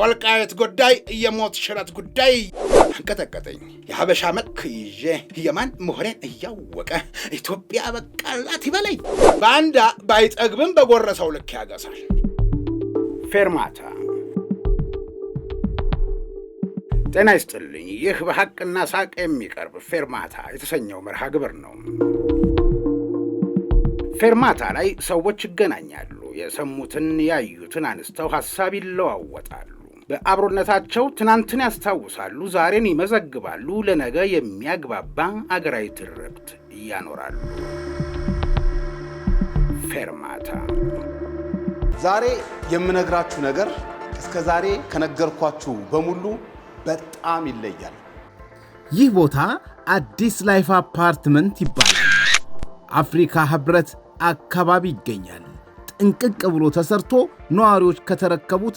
የወልቃየት ጉዳይ የሞት ሽረት ጉዳይ አንቀጠቀጠኝ። የሀበሻ መልክ ይዤ የማን መሆኔን እያወቀ ኢትዮጵያ በቃላት ይበለኝ። በአንዳ ባይጠግብም በጎረሰው ልክ ያገሳል። ፌርማታ ጤና ይስጥልኝ። ይህ በሐቅና ሳቅ የሚቀርብ ፌርማታ የተሰኘው መርሃ ግብር ነው። ፌርማታ ላይ ሰዎች ይገናኛሉ። የሰሙትን ያዩትን አንስተው ሐሳብ ይለዋወጣሉ። በአብሮነታቸው ትናንትን ያስታውሳሉ፣ ዛሬን ይመዘግባሉ፣ ለነገ የሚያግባባ አገራዊ ትርክት እያኖራሉ። ፌርማታ ዛሬ የምነግራችሁ ነገር እስከ ዛሬ ከነገርኳችሁ በሙሉ በጣም ይለያል። ይህ ቦታ አዲስ ላይፍ አፓርትመንት ይባላል። አፍሪካ ህብረት አካባቢ ይገኛል። ጥንቅቅ ብሎ ተሰርቶ ነዋሪዎች ከተረከቡት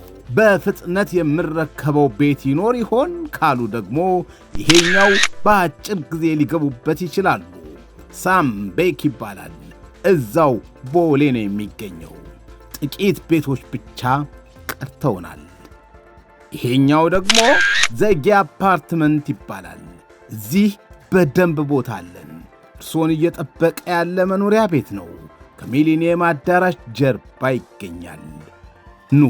በፍጥነት የምረከበው ቤት ይኖር ይሆን ካሉ ደግሞ ይሄኛው በአጭር ጊዜ ሊገቡበት ይችላሉ። ሳም ቤክ ይባላል። እዛው ቦሌ ነው የሚገኘው። ጥቂት ቤቶች ብቻ ቀርተውናል። ይሄኛው ደግሞ ዘጊ አፓርትመንት ይባላል። እዚህ በደንብ ቦታ አለን። እርሶን እየጠበቀ ያለ መኖሪያ ቤት ነው። ከሚሊኒየም አዳራሽ ጀርባ ይገኛል። ኑ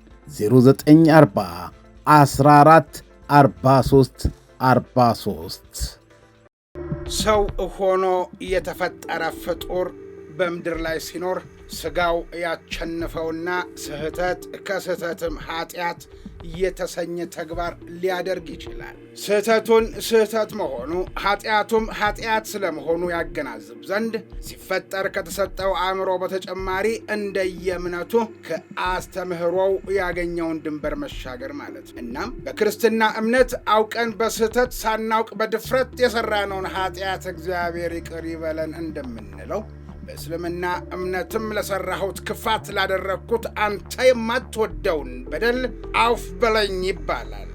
0940 14 43 43 ሰው ሆኖ የተፈጠረ ፍጡር በምድር ላይ ሲኖር ሥጋው ያቸንፈውና ስህተት ከስህተትም ኃጢአት የተሰኘ ተግባር ሊያደርግ ይችላል። ስህተቱን ስህተት መሆኑ ኃጢአቱም ኃጢአት ስለመሆኑ ያገናዝብ ዘንድ ሲፈጠር ከተሰጠው አእምሮ በተጨማሪ እንደየእምነቱ ከአስተምህሮው ያገኘውን ድንበር መሻገር ማለት እናም በክርስትና እምነት አውቀን በስህተት ሳናውቅ በድፍረት የሰራነውን ኃጢአት እግዚአብሔር ይቅር ይበለን እንደምንለው በእስልምና እምነትም ለሠራሁት ክፋት ላደረግኩት አንተ የማትወደውን በደል አውፍ በለኝ ይባላል።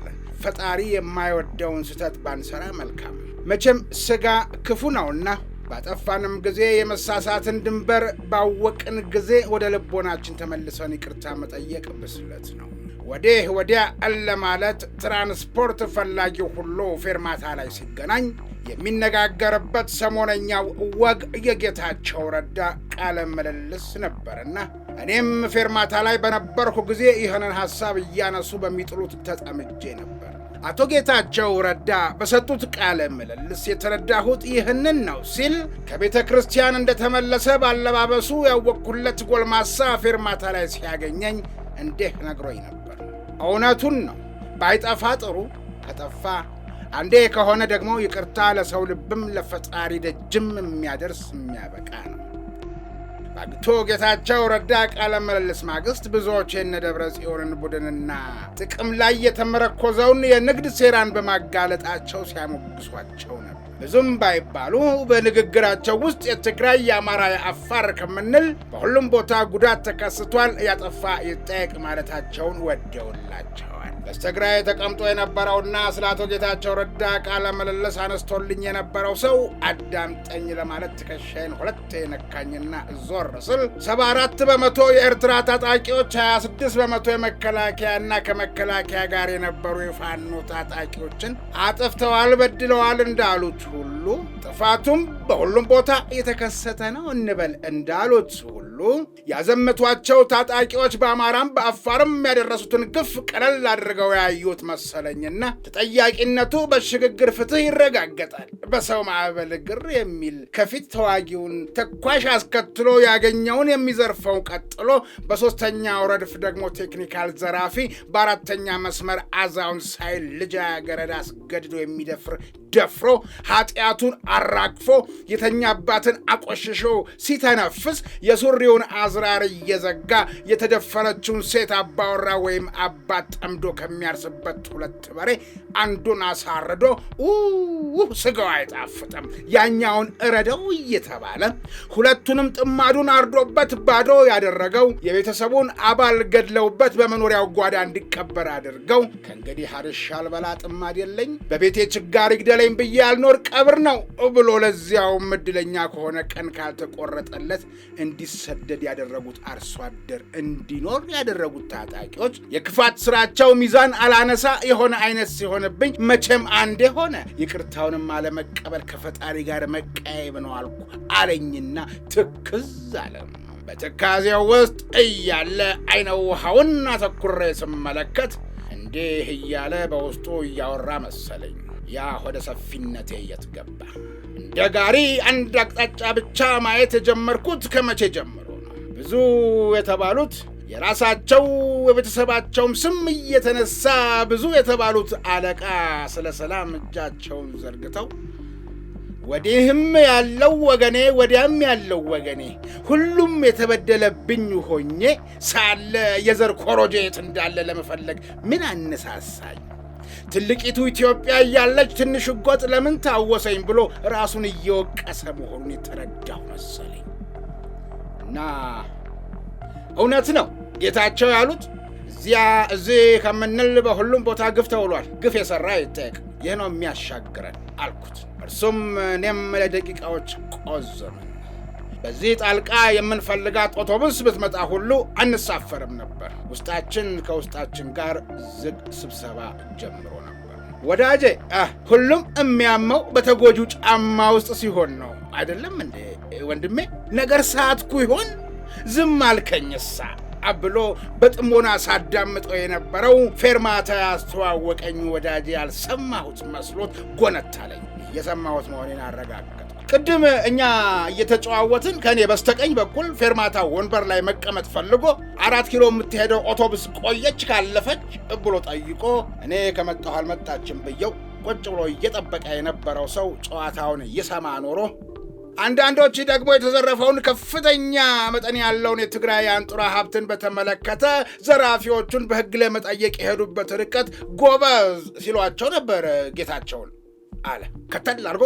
ፈጣሪ የማይወደውን ስህተት ባንሰራ መልካም። መቼም ሥጋ ክፉ ነውና ባጠፋንም ጊዜ የመሳሳትን ድንበር ባወቅን ጊዜ ወደ ልቦናችን ተመልሰን ይቅርታ መጠየቅ ብስለት ነው። ወዲህ ወዲያ አለ ማለት ትራንስፖርት ፈላጊ ሁሉ ፌርማታ ላይ ሲገናኝ የሚነጋገርበት ሰሞነኛው ወግ የጌታቸው ረዳ ቃለ ምልልስ ነበርና እኔም ፌርማታ ላይ በነበርኩ ጊዜ ይህንን ሐሳብ እያነሱ በሚጥሉት ተጠምጄ ነበር። አቶ ጌታቸው ረዳ በሰጡት ቃለ ምልልስ የተረዳሁት ይህንን ነው ሲል ከቤተ ክርስቲያን እንደተመለሰ ባለባበሱ ያወቅኩለት ጎልማሳ ፌርማታ ላይ ሲያገኘኝ እንዲህ ነግሮኝ ነበር። እውነቱን ነው። ባይጠፋ ጥሩ ከጠፋ አንዴ ከሆነ ደግሞ ይቅርታ ለሰው ልብም ለፈጣሪ ደጅም የሚያደርስ የሚያበቃ ነው። አግቶ ጌታቸው ረዳ ቃለ ምልልስ ማግስት ብዙዎች የነ ደብረ ጽዮንን ቡድንና ጥቅም ላይ የተመረኮዘውን የንግድ ሴራን በማጋለጣቸው ሲያሞግሷቸው ብዙም ባይባሉ በንግግራቸው ውስጥ የትግራይ የአማራ፣ የአፋር ከምንል በሁሉም ቦታ ጉዳት ተከስቷል፣ ያጠፋ ይጠየቅ ማለታቸውን ወደውላቸው በስተግራዬ ተቀምጦ የነበረውና ስለ አቶ ጌታቸው ረዳ ቃለ ምልልስ አነስቶልኝ የነበረው ሰው አዳምጠኝ ለማለት ትከሻዬን ሁለት የነካኝና ዞር ስል 74 በመቶ የኤርትራ ታጣቂዎች፣ 26 በመቶ የመከላከያና ከመከላከያ ጋር የነበሩ የፋኖ ታጣቂዎችን አጥፍተዋል፣ በድለዋል እንዳሉት ሁሉ ጥፋቱም በሁሉም ቦታ የተከሰተ ነው እንበል እንዳሉት ሁሉ ሁሉ ያዘመቷቸው ታጣቂዎች በአማራም በአፋርም ያደረሱትን ግፍ ቀለል አድርገው ያዩት መሰለኝና ተጠያቂነቱ በሽግግር ፍትህ ይረጋገጣል፣ በሰው ማዕበል ግር የሚል ከፊት ተዋጊውን ተኳሽ አስከትሎ ያገኘውን የሚዘርፈው ቀጥሎ፣ በሶስተኛው ረድፍ ደግሞ ቴክኒካል ዘራፊ፣ በአራተኛ መስመር አዛውን ሳይል ልጃገረድ አስገድዶ የሚደፍር ደፍሮ ኃጢአቱን አራግፎ የተኛባትን አቆሽሾ ሲተነፍስ የሱሪውን አዝራር እየዘጋ የተደፈረችውን ሴት አባወራ ወይም አባት ጠምዶ ከሚያርስበት ሁለት በሬ አንዱን አሳርዶ ውህ ስጋው አይጣፍጥም ያኛውን እረደው እየተባለ ሁለቱንም ጥማዱን አርዶበት ባዶ ያደረገው የቤተሰቡን አባል ገድለውበት በመኖሪያው ጓዳ እንዲቀበር አድርገው ከእንግዲህ አርሻ አልበላ ጥማድ የለኝ በቤቴ ችጋር ገደለኝ ብዬ ያልኖር ቀብር ነው ብሎ ለዚያውም እድለኛ ከሆነ ቀን ካልተቆረጠለት እንዲሰደድ ያደረጉት አርሶ አደር እንዲኖር ያደረጉት ታጣቂዎች የክፋት ስራቸው ሚዛን አላነሳ የሆነ አይነት ሲሆንብኝ መቼም አንዴ ሆነ ይቅርታውንም አለመቀበል ከፈጣሪ ጋር መቀያየም ነው አልኩ አለኝና ትክዝ አለ። በትካዜው ውስጥ እያለ አይነ ውሃውን አተኩሬ ስመለከት እንዲህ እያለ በውስጡ እያወራ መሰለኝ። ያ ሆደ ሰፊነቴ የት ገባ? እንደ ጋሪ አንድ አቅጣጫ ብቻ ማየት የጀመርኩት ከመቼ ጀምሮ ነው? ብዙ የተባሉት የራሳቸው የቤተሰባቸውም ስም እየተነሳ ብዙ የተባሉት አለቃ ስለ ሰላም እጃቸውን ዘርግተው ወዲህም ያለው ወገኔ ወዲያም ያለው ወገኔ ሁሉም የተበደለብኝ ሆኜ ሳለ የዘር ኮሮጄ የት እንዳለ ለመፈለግ ምን አነሳሳኝ? ትልቂቱ ኢትዮጵያ እያለች ትንሽ ጎጥ ለምን ታወሰኝ ብሎ ራሱን እየወቀሰ መሆኑን የተረዳሁ መሰለኝ እና እውነት ነው ጌታቸው ያሉት እዚያ እዚህ ከምንል በሁሉም ቦታ ግፍ ተውሏል። ግፍ የሠራ ይጠየቅ። ይህ ነው የሚያሻግረን አልኩት። እርሱም እኔም ለደቂቃዎች ቆዘነ። በዚህ ጣልቃ የምንፈልጋት አውቶቡስ ብትመጣ ሁሉ አንሳፈርም ነበር። ውስጣችን ከውስጣችን ጋር ዝግ ስብሰባ ጀምሮ ነበር። ወዳጄ ሁሉም የሚያመው በተጎጁ ጫማ ውስጥ ሲሆን ነው አይደለም እንዴ ወንድሜ? ነገር ሰዓትኩ ይሆን ዝም አልከኝሳ ብሎ በጥሞና ሳዳምጠው የነበረው ፌርማታ ያስተዋወቀኝ ወዳጄ ያልሰማሁት መስሎት ጎነታለኝ። የሰማሁት መሆኔን አረጋጋ። ቅድም እኛ እየተጨዋወትን ከእኔ በስተቀኝ በኩል ፌርማታ ወንበር ላይ መቀመጥ ፈልጎ አራት ኪሎ የምትሄደው አውቶቡስ ቆየች ካለፈች ብሎ ጠይቆ እኔ ከመጣሁ አልመጣችም ብየው ቁጭ ብሎ እየጠበቀ የነበረው ሰው ጨዋታውን ይሰማ ኖሮ አንዳንዶች ደግሞ የተዘረፈውን ከፍተኛ መጠን ያለውን የትግራይ አንጡራ ሀብትን በተመለከተ ዘራፊዎቹን በሕግ ለመጠየቅ የሄዱበት ርቀት ጎበዝ ሲሏቸው ነበር። ጌታቸውን አለ ከተል አድርጎ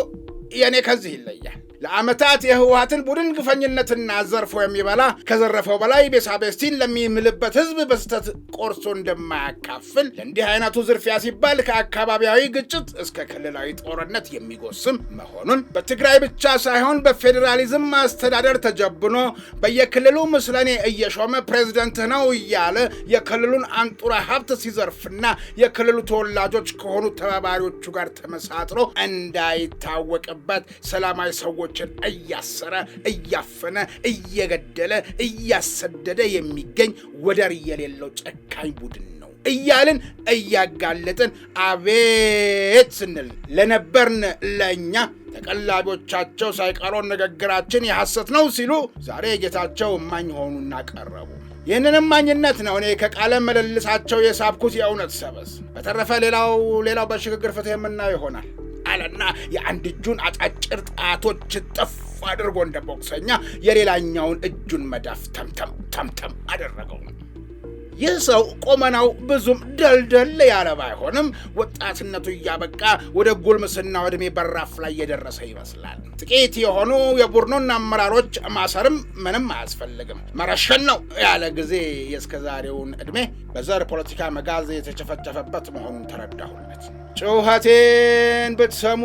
የኔ ከዚህ ይለያል። ለዓመታት የህወሀትን ቡድን ግፈኝነትና ዘርፎ የሚበላ ከዘረፈው በላይ ቤሳቤስቲን ለሚምልበት ህዝብ በስተት ቆርሶ እንደማያካፍል ለእንዲህ አይነቱ ዝርፊያ ሲባል ከአካባቢያዊ ግጭት እስከ ክልላዊ ጦርነት የሚጎስም መሆኑን በትግራይ ብቻ ሳይሆን በፌዴራሊዝም አስተዳደር ተጀብኖ በየክልሉ ምስለኔ እየሾመ ፕሬዝደንት ነው እያለ የክልሉን አንጡራ ሀብት ሲዘርፍና የክልሉ ተወላጆች ከሆኑ ተባባሪዎቹ ጋር ተመሳጥሮ እንዳይታወቅ እየደረሰበት ሰላማዊ ሰዎችን እያሰረ እያፈነ እየገደለ እያሰደደ የሚገኝ ወደር የሌለው ጨካኝ ቡድን ነው እያልን እያጋለጥን አቤት ስንል ለነበርን ለእኛ ተቀላቢዎቻቸው ሳይቀሮን ንግግራችን የሐሰት ነው ሲሉ ዛሬ ጌታቸው እማኝ ሆኑና ቀረቡ። ይህንን እማኝነት ነው እኔ ከቃለ ምልልሳቸው የሳብኩት የእውነት ሰበዝ። በተረፈ ሌላው ሌላው በሽግግር ፍትህ የምናየው ይሆናል። ጣለና የአንድ እጁን አጫጭር ጣቶች ጥፍ አድርጎ እንደ ቦክሰኛ የሌላኛውን እጁን መዳፍ ተምተም ተምተም አደረገው። ይህ ሰው ቆመናው ብዙም ደልደል ያለ ባይሆንም ወጣትነቱ እያበቃ ወደ ጉልምስና ዕድሜ በራፍ ላይ የደረሰ ይመስላል። ጥቂት የሆኑ የቡድኑን አመራሮች ማሰርም ምንም አያስፈልግም። መረሸን ነው ያለ ጊዜ የእስከዛሬውን ዕድሜ በዘር ፖለቲካ መጋዝ የተጨፈጨፈበት መሆኑን ተረዳሁለት። ጩኸቴን ብትሰሙ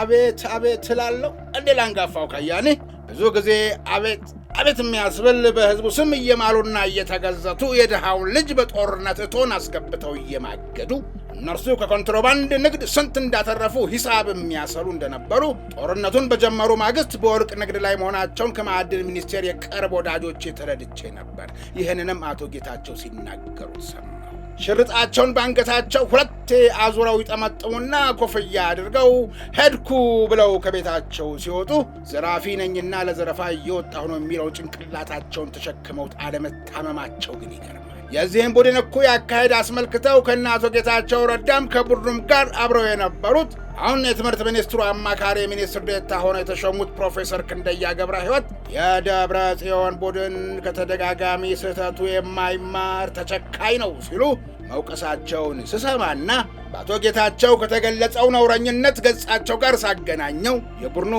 አቤት አቤት እላለሁ እንዴ ላንጋፋው ከያኔ ብዙ ጊዜ አቤት አቤት የሚያስብል በህዝቡ ስም እየማሉና እየተገዘቱ የድሃውን ልጅ በጦርነት እቶን አስገብተው እየማገዱ እነርሱ ከኮንትሮባንድ ንግድ ስንት እንዳተረፉ ሂሳብ የሚያሰሉ እንደነበሩ ጦርነቱን በጀመሩ ማግስት በወርቅ ንግድ ላይ መሆናቸውን ከማዕድን ሚኒስቴር የቅርብ ወዳጆቼ ተረድቼ ነበር። ይህንንም አቶ ጌታቸው ሲናገሩ ሰማ። ሽርጣቸውን በአንገታቸው ሁለቴ አዙረው ይጠመጥሙና ኮፍያ አድርገው ሄድኩ ብለው ከቤታቸው ሲወጡ ዘራፊ ነኝና ለዘረፋ እየወጣሁ ነው የሚለው ጭንቅላታቸውን ተሸክመውት አለመታመማቸው ግን ይገርማል። የዚህም ቡድን እኩይ አካሄድ አስመልክተው ከነ አቶ ጌታቸው ረዳም ከቡድኑም ጋር አብረው የነበሩት አሁን የትምህርት ሚኒስትሩ አማካሪ ሚኒስትር ዴታ ሆነው የተሾሙት ፕሮፌሰር ክንደያ ገብረ ሕይወት የደብረ ጽዮን ቡድን ከተደጋጋሚ ስህተቱ የማይማር ተጨካኝ ነው ሲሉ መውቀሳቸውን ስሰማና በአቶ ጌታቸው ከተገለጸው ነውረኝነት ገጻቸው ጋር ሳገናኘው የቡድኑ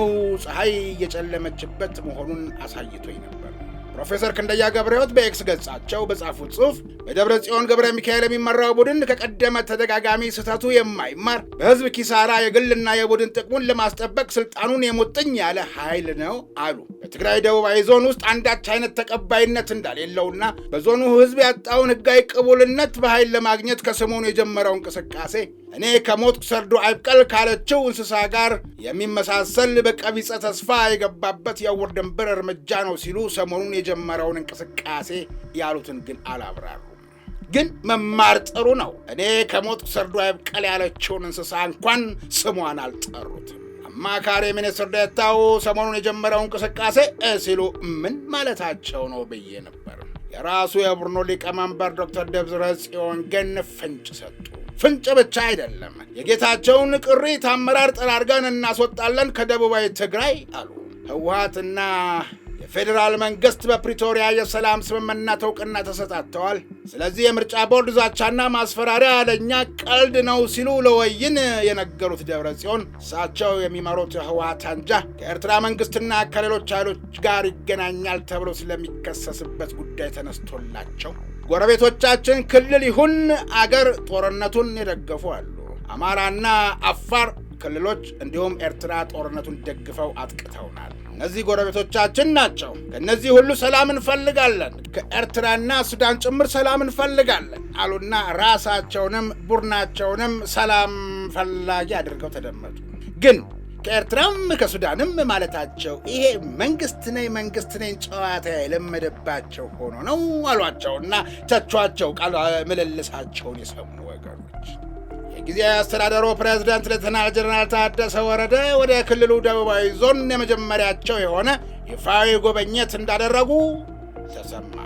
ፀሐይ እየጨለመችበት መሆኑን አሳይቶኝ ነው። ፕሮፌሰር ክንደያ ገብረ በኤክስ ገጻቸው በጻፉት ጽሑፍ በደብረ ጽዮን ገብረ ሚካኤል የሚመራው ቡድን ከቀደመ ተደጋጋሚ ስህተቱ የማይማር በህዝብ ኪሳራ የግልና የቡድን ጥቅሙን ለማስጠበቅ ስልጣኑን የሙጥኝ ያለ ኃይል ነው አሉ። በትግራይ ደቡባዊ ዞን ውስጥ አንዳች አይነት ተቀባይነት እንዳሌለውና በዞኑ ህዝብ ያጣውን ህጋዊ ቅቡልነት በኃይል ለማግኘት ከሰሞኑ የጀመረው እንቅስቃሴ እኔ ከሞትኩ ሰርዶ አይብቀል ካለችው እንስሳ ጋር የሚመሳሰል በቀቢጸ ተስፋ የገባበት የውር ድንብር እርምጃ ነው ሲሉ ሰሞኑን የጀመረውን እንቅስቃሴ ያሉትን ግን አላብራሩም። ግን መማር ጥሩ ነው። እኔ ከሞትኩ ሰርዶ አይብቀል ያለችውን እንስሳ እንኳን ስሟን አልጠሩትም። አማካሪ ሚኒስትር ዴኤታው ሰሞኑን የጀመረው እንቅስቃሴ ሲሉ ምን ማለታቸው ነው ብዬ ነበር። የራሱ የቡድኑ ሊቀመንበር ዶክተር ጽዮን ግን ፍንጭ ሰጡ። ፍንጭ ብቻ አይደለም። የጌታቸውን ቅሪት አመራር ጠራርገን እናስወጣለን ከደቡባዊ ትግራይ አሉ። ህወሓትና የፌዴራል መንግስት በፕሪቶሪያ የሰላም ስምምነት እውቅና ተሰጣጥተዋል። ስለዚህ የምርጫ ቦርድ ዛቻና ማስፈራሪያ ለእኛ ቀልድ ነው ሲሉ ለወይን የነገሩት ደብረ ጽዮን እሳቸው የሚመሩት ህወሓት አንጃ ከኤርትራ መንግስትና ከሌሎች ኃይሎች ጋር ይገናኛል ተብሎ ስለሚከሰስበት ጉዳይ ተነስቶላቸው ጎረቤቶቻችን ክልል ይሁን አገር ጦርነቱን የደገፉ አሉ። አማራና አፋር ክልሎች እንዲሁም ኤርትራ ጦርነቱን ደግፈው አጥቅተውናል። እነዚህ ጎረቤቶቻችን ናቸው። ከእነዚህ ሁሉ ሰላም እንፈልጋለን፣ ከኤርትራና ሱዳን ጭምር ሰላም እንፈልጋለን አሉና ራሳቸውንም ቡድናቸውንም ሰላም ፈላጊ አድርገው ተደመጡ ግን ከኤርትራም ከሱዳንም ማለታቸው ይሄ መንግስት ነኝ መንግስት ነኝ ጨዋታ የለመደባቸው ሆኖ ነው አሏቸውና ተቿቸው። ቃል ምልልሳቸውን የሰሙ ወገኖች የጊዜ አስተዳደሩ ፕሬዝዳንት ሌተናል ጀነራል ታደሰ ወረደ ወደ ክልሉ ደቡባዊ ዞን የመጀመሪያቸው የሆነ ይፋዊ ጉብኝት እንዳደረጉ ተሰማ።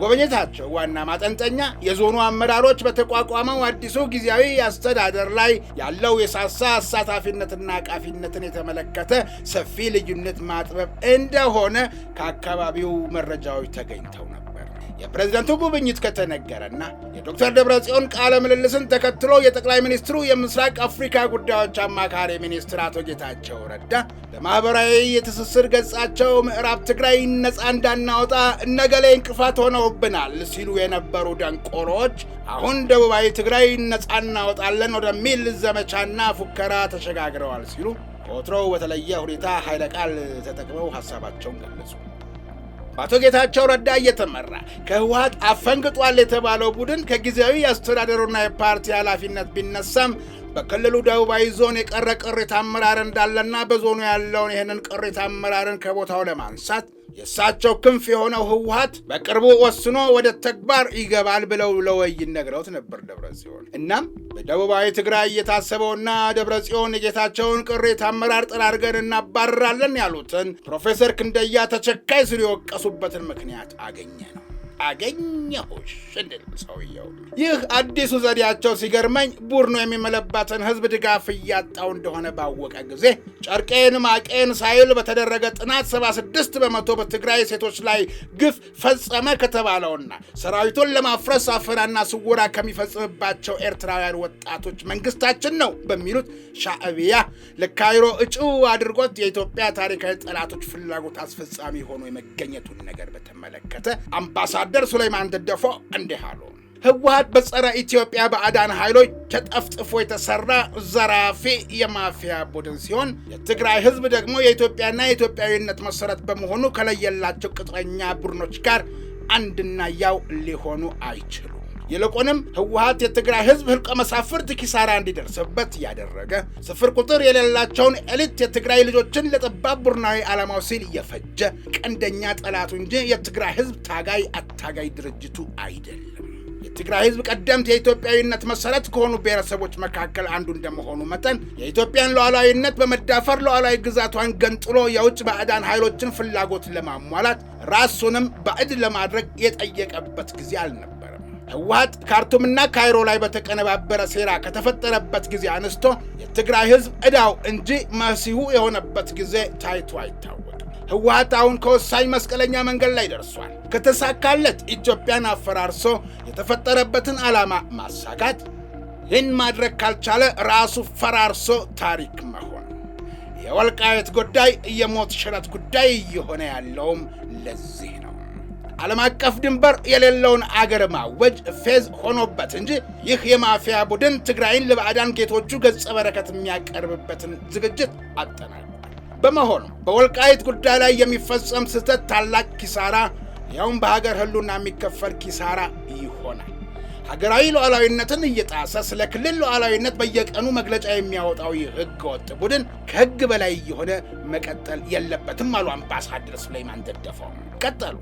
በጉብኝታቸው ዋና ማጠንጠኛ የዞኑ አመራሮች በተቋቋመው አዲሱ ጊዜያዊ አስተዳደር ላይ ያለው የሳሳ አሳታፊነትና አቃፊነትን የተመለከተ ሰፊ ልዩነት ማጥበብ እንደሆነ ከአካባቢው መረጃዎች ተገኝተው ነበር። የፕሬዝደንቱ ጉብኝት ከተነገረና የዶክተር ደብረጽዮን ቃለ ምልልስን ተከትሎ የጠቅላይ ሚኒስትሩ የምስራቅ አፍሪካ ጉዳዮች አማካሪ ሚኒስትር አቶ ጌታቸው ረዳ ለማኅበራዊ የትስስር ገጻቸው ምዕራብ ትግራይ ነፃ እንዳናወጣ እነገሌ እንቅፋት ሆነውብናል ሲሉ የነበሩ ደንቆሮዎች አሁን ደቡባዊ ትግራይ ነፃ እናወጣለን ወደሚል ዘመቻና ፉከራ ተሸጋግረዋል ሲሉ ከወትሮው በተለየ ሁኔታ ኃይለ ቃል ተጠቅመው ሐሳባቸውን ገለጹ። በአቶ ጌታቸው ረዳ እየተመራ ከህወሀት አፈንግጧል የተባለው ቡድን ከጊዜያዊ የአስተዳደሩና የፓርቲ ኃላፊነት ቢነሳም በክልሉ ደቡባዊ ዞን የቀረ ቅሪተ አመራር እንዳለና በዞኑ ያለውን ይህንን ቅሪተ አመራርን ከቦታው ለማንሳት የእሳቸው ክንፍ የሆነው ህወሀት በቅርቡ ወስኖ ወደ ተግባር ይገባል ብለው ለወይን ነግረውት ነበር ደብረ ጽዮን። እናም በደቡባዊ ትግራይ እየታሰበውና ደብረ ጽዮን የጌታቸውን ቅሬታ አመራር ጠራርገን እናባረራለን ያሉትን ፕሮፌሰር ክንደያ ተቸካይ ስሉ የወቀሱበትን ምክንያት አገኘ ነው። አገኘሁ እንድል ሰውየው ይህ አዲሱ ዘዴያቸው ሲገርመኝ ቡድኑ የሚመለባትን ህዝብ ድጋፍ እያጣው እንደሆነ ባወቀ ጊዜ ጨርቄን ማቄን ሳይል በተደረገ ጥናት 76 በመቶ በትግራይ ሴቶች ላይ ግፍ ፈጸመ ከተባለውና ሰራዊቱን ለማፍረስ አፈናና ስውራ ከሚፈጽምባቸው ኤርትራውያን ወጣቶች መንግስታችን ነው በሚሉት ሻዕቢያ ለካይሮ እጩ አድርጎት የኢትዮጵያ ታሪካዊ ጠላቶች ፍላጎት አስፈጻሚ ሆኖ የመገኘቱን ነገር በተመለከተ አምባሳ ወታደር ሱለይማን ደደፎ እንዲህ አሉ። ህወሀት በጸረ ኢትዮጵያ በአዳን ኃይሎች ተጠፍጥፎ የተሰራ ዘራፊ የማፊያ ቡድን ሲሆን የትግራይ ህዝብ ደግሞ የኢትዮጵያና የኢትዮጵያዊነት መሰረት በመሆኑ ከለየላቸው ቅጥረኛ ቡድኖች ጋር አንድና ያው ሊሆኑ አይችሉም። ይልቁንም ህወሀት የትግራይ ህዝብ ህልቀ መሳፍርት ኪሳራ እንዲደርስበት እያደረገ ስፍር ቁጥር የሌላቸውን ኤሊት የትግራይ ልጆችን ለጠባብ ቡድናዊ ዓላማው ሲል እየፈጀ ቀንደኛ ጠላቱ እንጂ የትግራይ ህዝብ ታጋይ አታጋይ ድርጅቱ አይደለም። የትግራይ ህዝብ ቀደምት የኢትዮጵያዊነት መሰረት ከሆኑ ብሔረሰቦች መካከል አንዱ እንደመሆኑ መጠን የኢትዮጵያን ሉዓላዊነት በመዳፈር ሉዓላዊ ግዛቷን ገንጥሎ የውጭ ባዕዳን ኃይሎችን ፍላጎት ለማሟላት ራሱንም ባዕድ ለማድረግ የጠየቀበት ጊዜ አልነበር። ህወሀት ካርቱምና ካይሮ ላይ በተቀነባበረ ሴራ ከተፈጠረበት ጊዜ አንስቶ የትግራይ ህዝብ እዳው እንጂ መሲሁ የሆነበት ጊዜ ታይቶ አይታወቅም። ህወሀት አሁን ከወሳኝ መስቀለኛ መንገድ ላይ ደርሷል። ከተሳካለት ኢትዮጵያን አፈራርሶ የተፈጠረበትን ዓላማ ማሳካት፣ ይህን ማድረግ ካልቻለ ራሱ ፈራርሶ ታሪክ መሆን። የወልቃየት ጉዳይ የሞት ሽረት ጉዳይ እየሆነ ያለውም ለዚህ ነው። ዓለም አቀፍ ድንበር የሌለውን አገር ማወጅ ፌዝ ሆኖበት እንጂ ይህ የማፊያ ቡድን ትግራይን ለባዕዳን ጌቶቹ ገጸ በረከት የሚያቀርብበትን ዝግጅት አጠናቋል። በመሆኑ በወልቃይት ጉዳይ ላይ የሚፈጸም ስህተት ታላቅ ኪሳራ፣ ያውም በሀገር ህሉና የሚከፈል ኪሳራ ይሆናል። ሀገራዊ ሉዓላዊነትን እየጣሰ ስለ ክልል ሉዓላዊነት በየቀኑ መግለጫ የሚያወጣው ይህ ህገ ወጥ ቡድን ከህግ በላይ እየሆነ መቀጠል የለበትም አሉ አምባሳደር ሱሌይማን ደደፈው። ቀጠሉ።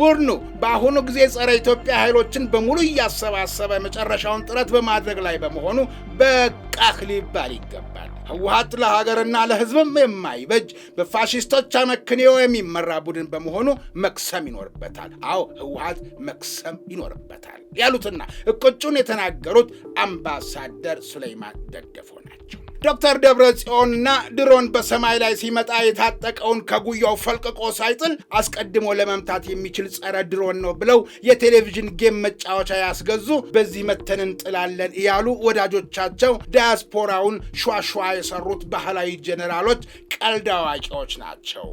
ቡድኑ በአሁኑ ጊዜ ጸረ ኢትዮጵያ ኃይሎችን በሙሉ እያሰባሰበ መጨረሻውን ጥረት በማድረግ ላይ በመሆኑ በቃህ ሊባል ይገባል። ህወሀት ለሀገርና ለህዝብም የማይበጅ በፋሽስቶች አመክንዮ የሚመራ ቡድን በመሆኑ መክሰም ይኖርበታል። አዎ ህወሀት መክሰም ይኖርበታል ያሉትና እቅጩን የተናገሩት አምባሳደር ሱለይማን ደደፎ ናቸው። ዶክተር ደብረ ጽዮንና ድሮን በሰማይ ላይ ሲመጣ የታጠቀውን ከጉያው ፈልቅቆ ሳይጥል አስቀድሞ ለመምታት የሚችል ጸረ ድሮን ነው ብለው የቴሌቪዥን ጌም መጫወቻ ያስገዙ፣ በዚህ መተን እንጥላለን እያሉ ወዳጆቻቸው ዳያስፖራውን ሸዋሸዋ የሰሩት ባህላዊ ጄኔራሎች ቀልድ አዋቂዎች ናቸው።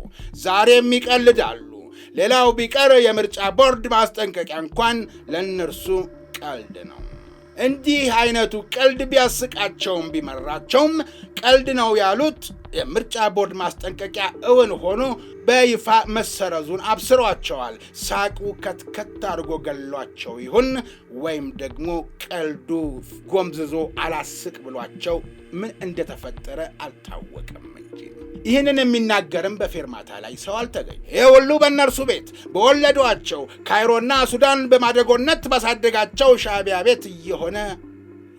ዛሬም ይቀልዳሉ። ሌላው ቢቀር የምርጫ ቦርድ ማስጠንቀቂያ እንኳን ለእነርሱ ቀልድ ነው። እንዲህ አይነቱ ቀልድ ቢያስቃቸውም ቢመራቸውም ቀልድ ነው ያሉት የምርጫ ቦርድ ማስጠንቀቂያ እውን ሆኖ በይፋ መሰረዙን አብስሯቸዋል። ሳቁ ከትከት አድርጎ ገሏቸው ይሁን ወይም ደግሞ ቀልዱ ጎምዝዞ አላስቅ ብሏቸው ምን እንደተፈጠረ አልታወቀም እንጂ ይህንን የሚናገርም በፌርማታ ላይ ሰው አልተገኘ። ይህ ሁሉ በእነርሱ ቤት በወለዷቸው ካይሮና ሱዳን በማደጎነት ባሳደጋቸው ሻቢያ ቤት እየሆነ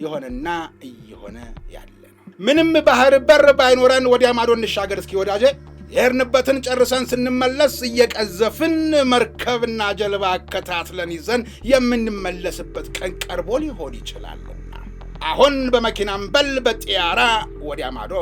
የሆነና እየሆነ ያለ ነው። ምንም ባህር በር ባይኖረን ወዲያ ማዶ እንሻገር እስኪ ወዳጄ። የሄድንበትን ጨርሰን ስንመለስ እየቀዘፍን መርከብና ጀልባ ከታትለን ይዘን የምንመለስበት ቀን ቀርቦ ሊሆን ይችላል። አሁን በመኪናም በል በጥያራ ወዲያ ማዶ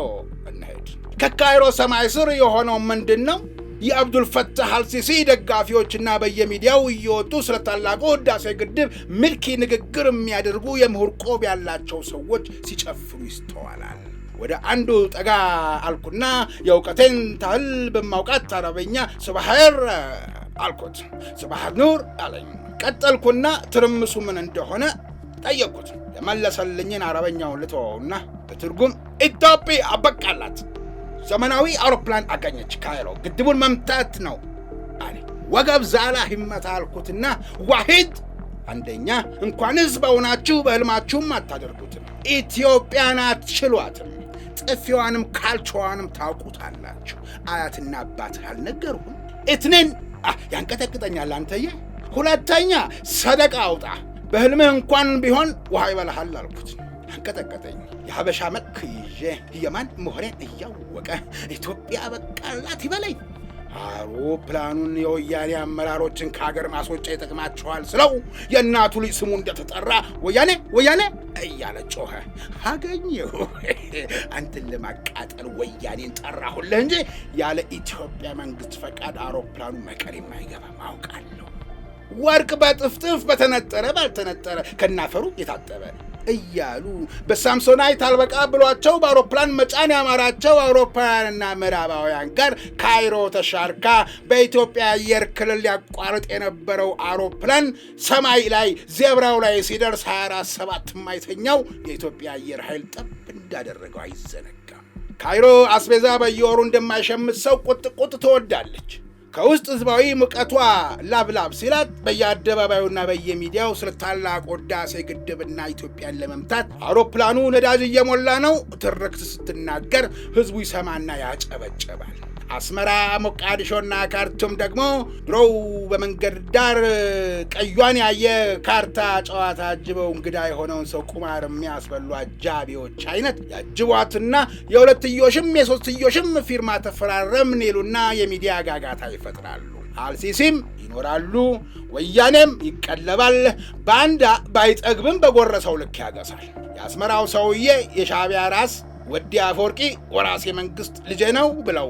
እንሄድ። ከካይሮ ሰማይ ስር የሆነው ምንድን ነው? የአብዱልፈታህ አልሲሲ ደጋፊዎችና በየሚዲያው እየወጡ ስለ ታላቁ ህዳሴ ግድብ ሚልኪ ንግግር የሚያደርጉ የምሁር ቆብ ያላቸው ሰዎች ሲጨፍሩ ይስተዋላል። ወደ አንዱ ጠጋ አልኩና የእውቀቴን ታህል በማውቃት አረበኛ ስባሄር አልኩት። ስባሄር ኑር አለኝ። ቀጠልኩና ትርምሱ ምን እንደሆነ ጠየቅኩት። የመለሰልኝን አረበኛውን ልተወውና በትርጉም ኢትዮጵያ አበቃላት ዘመናዊ አውሮፕላን አገኘች ካይሮ፣ ግድቡን መምታት ነው አለ። ወገብ ዛላ ህመታ አልኩትና ዋሂድ አንደኛ እንኳንስ በእውናችሁ በህልማችሁም አታደርጉትም። ኢትዮጵያን አትችሏትም። ጥፊዋንም ካልቸዋንም ታውቁታላችሁ። አያትና አባት አልነገሩም። እትንን ያንቀጠቅጠኛል አንተዬ። ሁለተኛ ሰደቃ አውጣ በህልምህ እንኳን ቢሆን ውሃ ይበላሃል አልኩት። አንቀጠቀጠኝ። የሀበሻ መልክ ይዤ የማን መሆኔን እያወቀ ኢትዮጵያ በቃላት ይበለኝ። አውሮፕላኑን የወያኔ አመራሮችን ከሀገር ማስወጫ ይጠቅማቸዋል ስለው የእናቱ ልጅ ስሙ እንደተጠራ ወያኔ ወያኔ እያለ ጮኸ። አገኘሁ። አንተን ለማቃጠል ወያኔን ጠራሁልህ እንጂ ያለ ኢትዮጵያ መንግስት ፈቃድ አውሮፕላኑ መቀሌ የማይገባ ማውቃለሁ። ወርቅ በጥፍጥፍ በተነጠረ ባልተነጠረ ከናፈሩ የታጠበ እያሉ በሳምሶናይት አልበቃ ብሏቸው በአውሮፕላን መጫን ያማራቸው አውሮፓውያንና ምዕራባውያን ጋር ካይሮ ተሻርካ በኢትዮጵያ አየር ክልል ሊያቋርጥ የነበረው አውሮፕላን ሰማይ ላይ ዜብራው ላይ ሲደርስ ሰባት ማይተኛው የኢትዮጵያ አየር ኃይል ጠብ እንዳደረገው አይዘነጋም። ካይሮ አስቤዛ በየወሩ እንደማይሸምት ሰው ቁጥቁጥ ትወዳለች። ከውስጥ ህዝባዊ ሙቀቷ ላብላብ ሲላት በየአደባባዩና በየሚዲያው ስለ ታላቅ ህዳሴ ግድብና ኢትዮጵያን ለመምታት አውሮፕላኑ ነዳጅ እየሞላ ነው ትርክት ስትናገር ህዝቡ ይሰማና ያጨበጨባል። አስመራ፣ ሞቃዲሾና ካርቱም ደግሞ ድሮው በመንገድ ዳር ቀዩን ያየ ካርታ ጨዋታ አጅበው እንግዳ የሆነውን ሰው ቁማር የሚያስበሉ አጃቢዎች አይነት ያጅቧትና የሁለትዮሽም የሶስትዮሽም ፊርማ ተፈራረምን ይሉና የሚዲያ ጋጋታ ይፈጥራሉ። አልሲሲም ይኖራሉ፣ ወያኔም ይቀለባል። በአንድ ባይጠግብም በጎረሰው ልክ ያገሳል። የአስመራው ሰውዬ የሻቢያ ራስ ወዲ አፈወርቂ ወራሴ መንግስት ልጄ ነው ብለው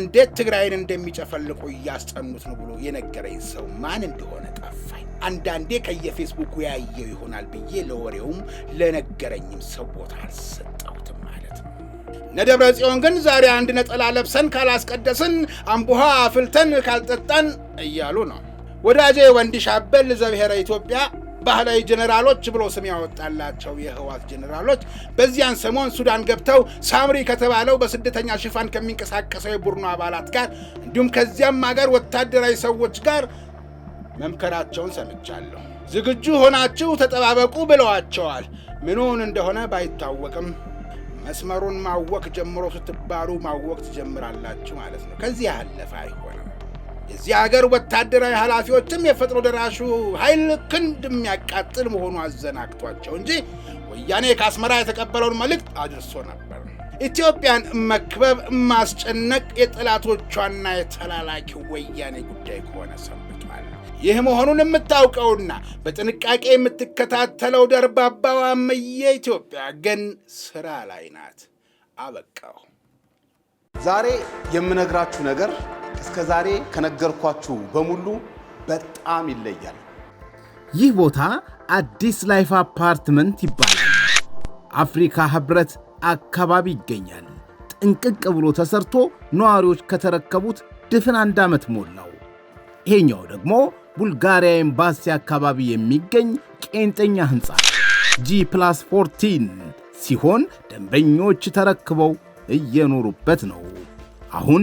እንዴት ትግራይን እንደሚጨፈልቁ እያስጠኑት ነው ብሎ የነገረኝ ሰው ማን እንደሆነ ጠፋኝ። አንዳንዴ ከየፌስቡኩ ያየው ይሆናል ብዬ ለወሬውም ለነገረኝም ሰው ቦታ አልሰጠሁትም ማለት ነው። ነደብረ ጽዮን ግን ዛሬ አንድ ነጠላ ለብሰን ካላስቀደስን አምቡሃ አፍልተን ካልጠጣን እያሉ ነው። ወዳጄ ወንድ ሻበል ዘብሔረ ኢትዮጵያ ባህላዊ ጀኔራሎች ብሎ ስም ያወጣላቸው የህዋት ጀኔራሎች በዚያን ሰሞን ሱዳን ገብተው ሳምሪ ከተባለው በስደተኛ ሽፋን ከሚንቀሳቀሰው የቡድኑ አባላት ጋር እንዲሁም ከዚያም አገር ወታደራዊ ሰዎች ጋር መምከራቸውን ሰምቻለሁ። ዝግጁ ሆናችሁ ተጠባበቁ ብለዋቸዋል። ምኑን እንደሆነ ባይታወቅም መስመሩን ማወቅ ጀምሮ ስትባሉ ማወቅ ትጀምራላችሁ ማለት ነው። ከዚህ ያለፈ አይሆንም። የዚህ አገር ወታደራዊ ኃላፊዎችም የፈጥኖ ደራሹ ኃይል ክንድ የሚያቃጥል መሆኑ አዘናግቷቸው እንጂ ወያኔ ከአስመራ የተቀበለውን መልእክት አድርሶ ነበር። ኢትዮጵያን መክበብ ማስጨነቅ የጠላቶቿና የተላላኪ ወያኔ ጉዳይ ከሆነ ሰንብቷል። ይህ መሆኑን የምታውቀውና በጥንቃቄ የምትከታተለው ደርባባዋ እምዬ ኢትዮጵያ ግን ስራ ላይ ናት። አበቃው። ዛሬ የምነግራችሁ ነገር እስከ ዛሬ ከነገርኳችሁ በሙሉ በጣም ይለያል። ይህ ቦታ አዲስ ላይፍ አፓርትመንት ይባላል። አፍሪካ ህብረት አካባቢ ይገኛል። ጥንቅቅ ብሎ ተሰርቶ ነዋሪዎች ከተረከቡት ድፍን አንድ ዓመት ሞላው። ይሄኛው ደግሞ ቡልጋሪያ ኤምባሲ አካባቢ የሚገኝ ቄንጠኛ ሕንፃ ጂ ፕላስ 14 ሲሆን ደንበኞች ተረክበው እየኖሩበት ነው አሁን